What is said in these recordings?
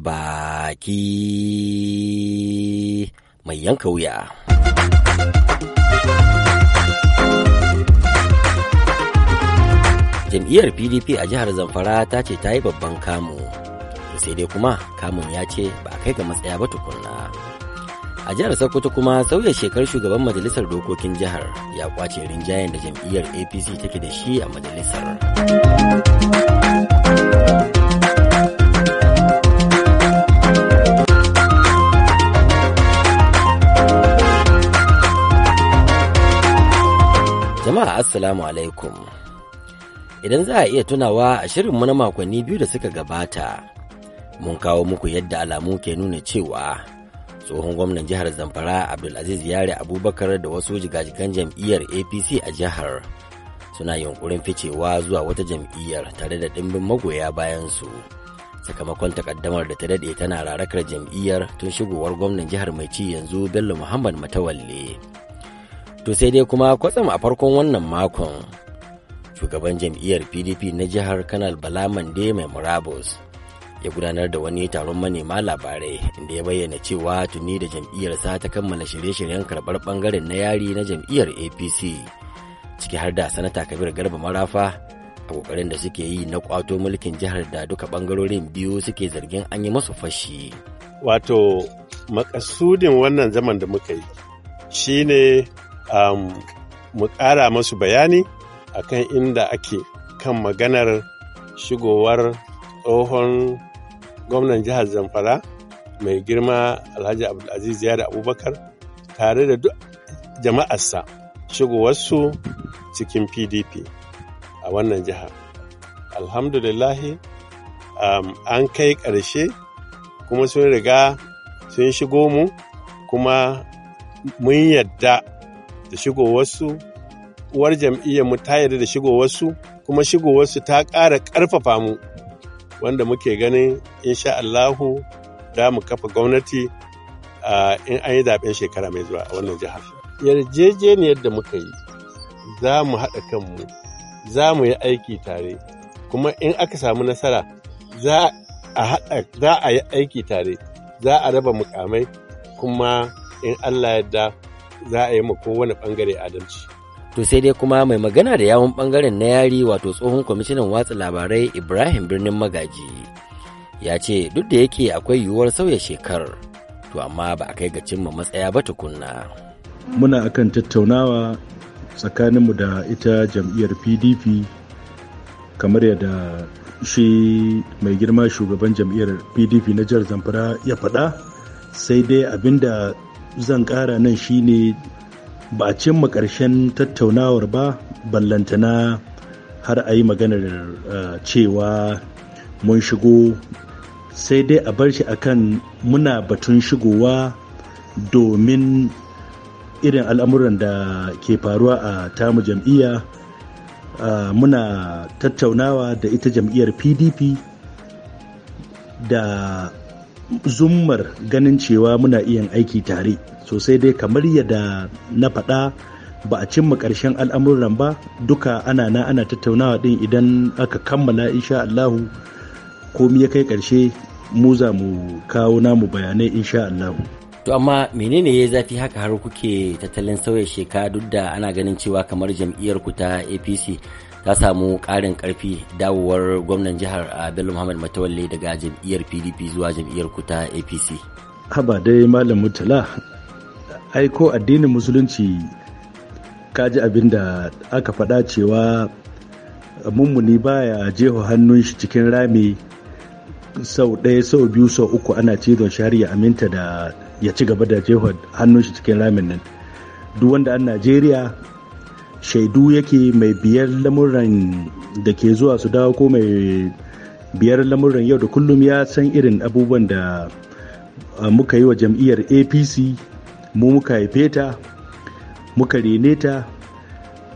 baki mai yanka wuya. Jam'iyyar PDP a jihar Zamfara ta ce ta yi babban kamu, sai dai kuma kamun ya ce ba kai ga matsaya ba tukunna. A jihar Sokoto kuma sauya shekar shugaban majalisar dokokin jihar ya kwace rinjayen da jam'iyyar APC take da shi a majalisar. Jama'a Assalamu alaikum. Idan za a iya tunawa a shirinmu na makonni biyu da suka gabata, mun kawo muku yadda alamu ke nuna cewa tsohon gwamnan jihar Zamfara Abdulaziz Yare Abubakar da wasu jigajigan jam'iyyar APC a jihar suna yunkurin ficewa zuwa wata jam'iyyar tare da ɗimbin magoya bayansu. Sakamakon takaddamar da ta daɗe tana rarakar jam'iyyar tun shigowar gwamnan jihar mai ci yanzu Bello Muhammad Matawalle. to sai dai kuma kwatsam a farkon wannan makon shugaban jam'iyyar pdp na jihar kanal bala mande mai murabus ya gudanar da wani taron manema labarai inda ya bayyana cewa tuni da jam'iyyarsa ta kammala shirye-shiryen karɓar ɓangaren na yari na jam'iyyar apc ciki har da sanata kabir garba marafa a kokarin da suke yi na kwato mulkin jihar da duka ɓangarorin biyu suke zargin an yi masu fashi wato makasudin wannan zaman da muka yi shine Um, mu ƙara masu bayani akan inda ake kan maganar shigowar tsohon gwamnan jihar zamfara mai girma alhaji abdulaziz yari abubakar tare da duk jama'arsa shigowarsu cikin pdp a wannan jiha alhamdulillahi um, an kai ƙarshe kuma sun riga sun shigo mu kuma mun yadda da shigowarsu uwar mu ta yarda da shigowarsu kuma shigowarsu ta ƙara ƙarfafa mu wanda muke ganin insha Allahu da mu kafa gwamnati in an yi zaɓen shekara mai zuwa a wannan jihar. Yarjejeniyar da muka yi za mu haɗa kanmu za mu yi aiki tare kuma in aka samu nasara za a yi aiki tare za a raba mukamai kuma in Allah yadda za a yi ma kowane bangare adalci to sai dai kuma mai magana da yawon bangaren na yari wato tsohon kwamishinan watsa labarai ibrahim birnin magaji ya ce duk da yake akwai yiwuwar sauya shekar to amma ba a kai ga cimma matsaya ba tukunna muna akan tattaunawa tsakaninmu da ita jam'iyyar pdp kamar yadda shi mai girma shugaban jam'iyyar pdp na jihar zamfara ya faɗa sai dai abinda zan ƙara nan shine ba a cimma ƙarshen tattaunawar ba ballantana har a yi maganar eh, cewa mun shigo sai dai a bar shi a kan muna batun shigowa domin irin al'amuran da ke faruwa a tamu jam'iyya eh, muna tattaunawa da ita jam'iyyar pdp da zummar ganin cewa muna iya aiki tare sosai dai kamar yadda na faɗa ba a cimma ƙarshen al'amuran ba duka ana na ana tattaunawa ɗin idan aka kammala insha Allahu komi ya kai ƙarshe mu za mu kawo namu bayanai insha Allahu. To amma menene ya zafi haka har kuke tattalin sauya sheka duk da ana ganin cewa kamar jam'iyyar ku ta APC ta samu karin karfi dawowar gwamnan jihar a bello muhammad matawalle daga jam'iyyar pdp zuwa jam'iyyar kuta apc haba dai malam mutala aiko addinin musulunci kaji abin da aka faɗa cewa mummuni baya jeho hannun shi cikin rami sau ɗaya sau biyu sau uku ana cizon shari'a aminta da ya ci gaba da jeho hannun shi cikin ramin nan duk wanda an najeriya shaidu yake mai biyar lamuran da ke zuwa su dawo ko mai biyar lamuran yau da kullum ya san irin abubuwan da muka yi wa jam'iyyar apc mu muka haife ta muka rene ta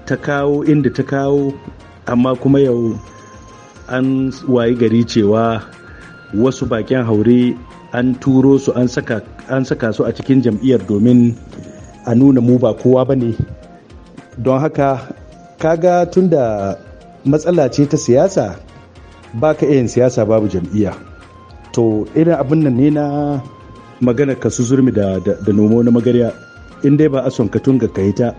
ta kawo inda ta kawo amma kuma yau an wayi gari cewa wasu bakin haure an turo su an saka su a cikin jam'iyyar domin a nuna mu ba kowa ba ne don haka kaga tunda matsala ce ta siyasa ba ka yin siyasa babu jam'iyya to irin abin nan ne na maganar ka su zurmi da, da, nomo na magarya in dai ba a son ka tunga ka ta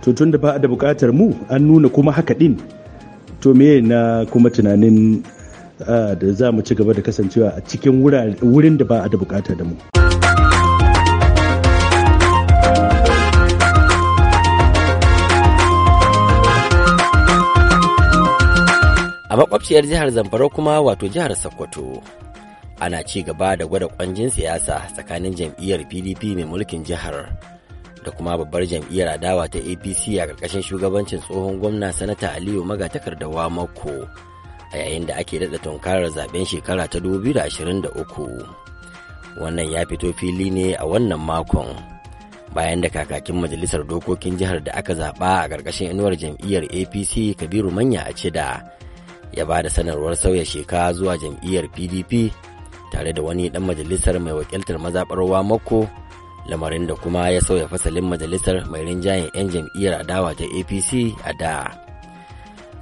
to tun da ba a da bukatar mu an nuna kuma haka din to me na kuma tunanin ah, da za mu ci gaba da kasancewa a cikin wurin da ba a da bukata da mu makwabciyar jihar zamfara kuma wato jihar sokoto ana ci gaba da gwada kwanjin siyasa tsakanin jam'iyyar pdp mai mulkin jihar da kuma babbar jam'iyyar adawa ta apc a ƙarƙashin shugabancin tsohon gwamna sanata aliyu magatakardawa mako a yayin da ake daɗa tunkarar zaben shekara ta 2023 wannan ya fito fili ne a wannan makon bayan da kakakin majalisar dokokin jihar da aka zaɓa a ƙarƙashin inuwar jam'iyyar apc kabiru manya a cida ya ba da sanarwar sauya shekara zuwa jam'iyyar pdp tare da wani dan majalisar mai wakiltar mazaɓarwa mako lamarin da kuma ya sauya fasalin majalisar mai rinjayen 'yan jam'iyyar adawa ta apc a da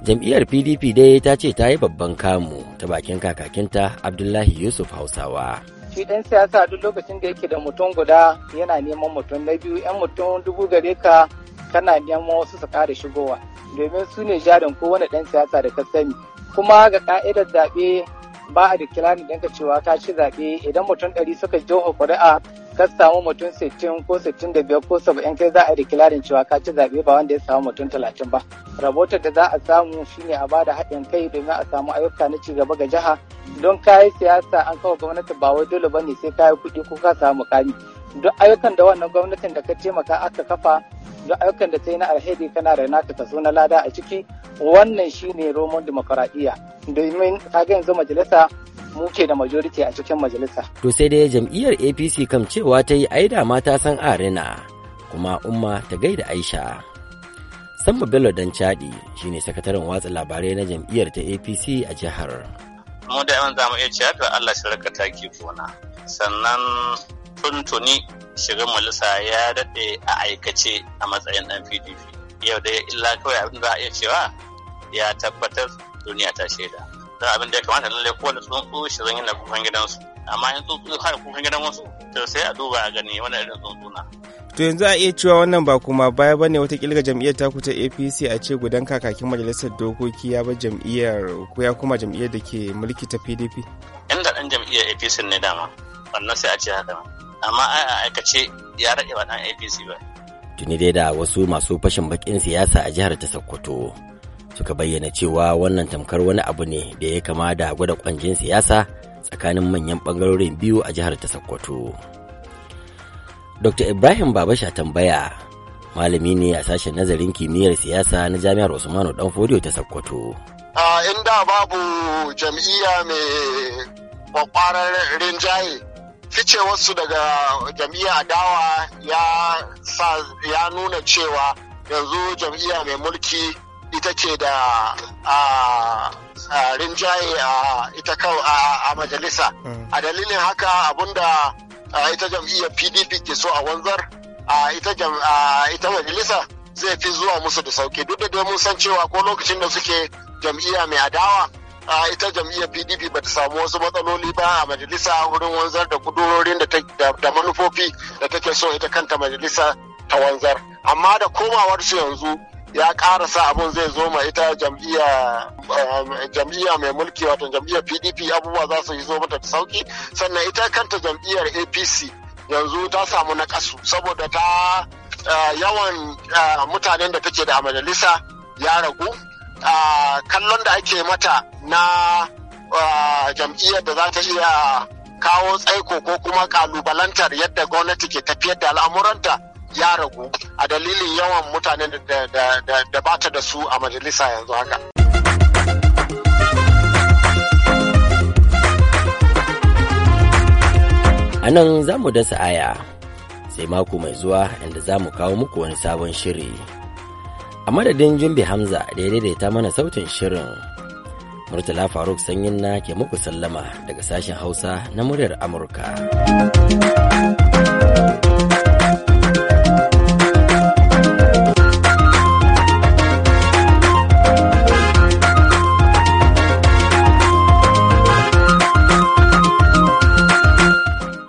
jam'iyyar pdp dai ta ce ta yi babban kamu ta bakin kakakinta abdullahi yusuf hausawa shi ɗan siyasa duk lokacin da yake da mutum guda yana neman mutum na biyu 'yan mutum dubu gare ka kana neman wasu su ƙara shigowa domin su ne jarin kowane ɗan siyasa da ka sani kuma ga ka'idar zaɓe ba a dikilani danka cewa ka ci zaɓe idan mutum ɗari suka jeho ƙuri'a ka samu mutum sittin ko sittin da biyar ko saba'in kai za a dikilarin cewa ka ci zaɓe ba wanda ya samu mutum talatin ba rahoton da za a samu shine a bada haɗin kai domin a samu ayyuka na ci gaba ga jiha don kayi siyasa an kawo gwamnati ba wai dole ba ne sai kayi kuɗi ko ka samu mukami duk ayyukan da wannan gwamnatin da ka taimaka aka kafa duk ayyukan da ta yi na alheri kana da naka kaso na lada a ciki wannan shine roman demokaradiyya domin kaga yanzu majalisa muke da majority a cikin majalisa to sai dai jam'iyyar apc kam cewa ta yi aida mata san Arena kuma umma ta gaida aisha Samba Bello Dan Chadi shine sakataren watsa labarai na jam'iyyar ta APC a jihar. Mu da yawan zamu iya cewa to Allah shi raka taki kona. Sannan tuntuni shirin majalisa ya daɗe a aikace a matsayin ɗan PDP. Yau dai illa kawai abin za a iya cewa ya tabbatar duniya ta shaida don abin da ya kamata lallai wani tsuntsu shi zan na kukan gidansu amma in tsuntsu kare kukan gidan wasu to sai a duba a gani wani irin tsuntsu na to yanzu a iya cewa wannan ba kuma baya bane wata kilga jam'iyyar taku ta apc a ce gudan kakakin majalisar dokoki ya bar jam'iyyar ko ya kuma jam'iyyar da ke mulki ta pdp da dan jam'iyyar apc ne dama wannan sai a ce haka amma a aikace ya rage ba dan apc ba tuni dai da wasu masu fashin bakin siyasa a jihar ta sokoto suka bayyana cewa wannan tamkar wani abu ne da ya kama da gwada kwanjin siyasa tsakanin manyan bangarorin biyu a jihar ta Sokoto. Dr. Ibrahim Babasha tambaya malami ne a sashen nazarin kimiyyar siyasa na jami'ar Usmanu Danfodiyo ta Sokoto. A inda babu jam'iyya mai kwakwarar rinjaye ficewarsu daga jam'iyya adawa ya nuna cewa yanzu jam'iyya mai mulki ita ce da a rinjaye a ita a majalisa mm. a dalilin haka abinda ita jam'iyyar pdp ke so a wanzar a ita majalisa zai fi zuwa musu da sauki duk da dai mun san cewa ko lokacin da suke jam'iyya mai adawa a ita jam'iyyar pdp bata samu wasu matsaloli ba a majalisa wurin wanzar da kudurorin da manufofi da take so ita kanta majalisa ta wanzar amma da komawarsu yanzu ya ƙara sa abun zai zo ma ita jam'iyya um, mai mulki wato jam'iyyar pdp abubuwa za su yi zo mata sauki sannan ita kanta jam'iyyar apc yanzu ta samu na kasu saboda ta uh, yawan uh, mutanen da take da majalisa ya ragu uh, kallon da ake mata na jam'iyyar da za ta iya kawo tsaiko ko kuma kalubalantar yadda gwamnati ke tafiyar da al'amuranta ya ragu a dalilin yawan mutanen da bata da su a majalisa yanzu haka. A nan za mu dasa aya sai mako mai zuwa inda za mu kawo muku wani sabon shiri. A madadin Jumbi Hamza da ya daidaita mana sautin shirin. Murtala Faruk Sanyin na ke muku sallama daga sashen Hausa na muryar Amurka.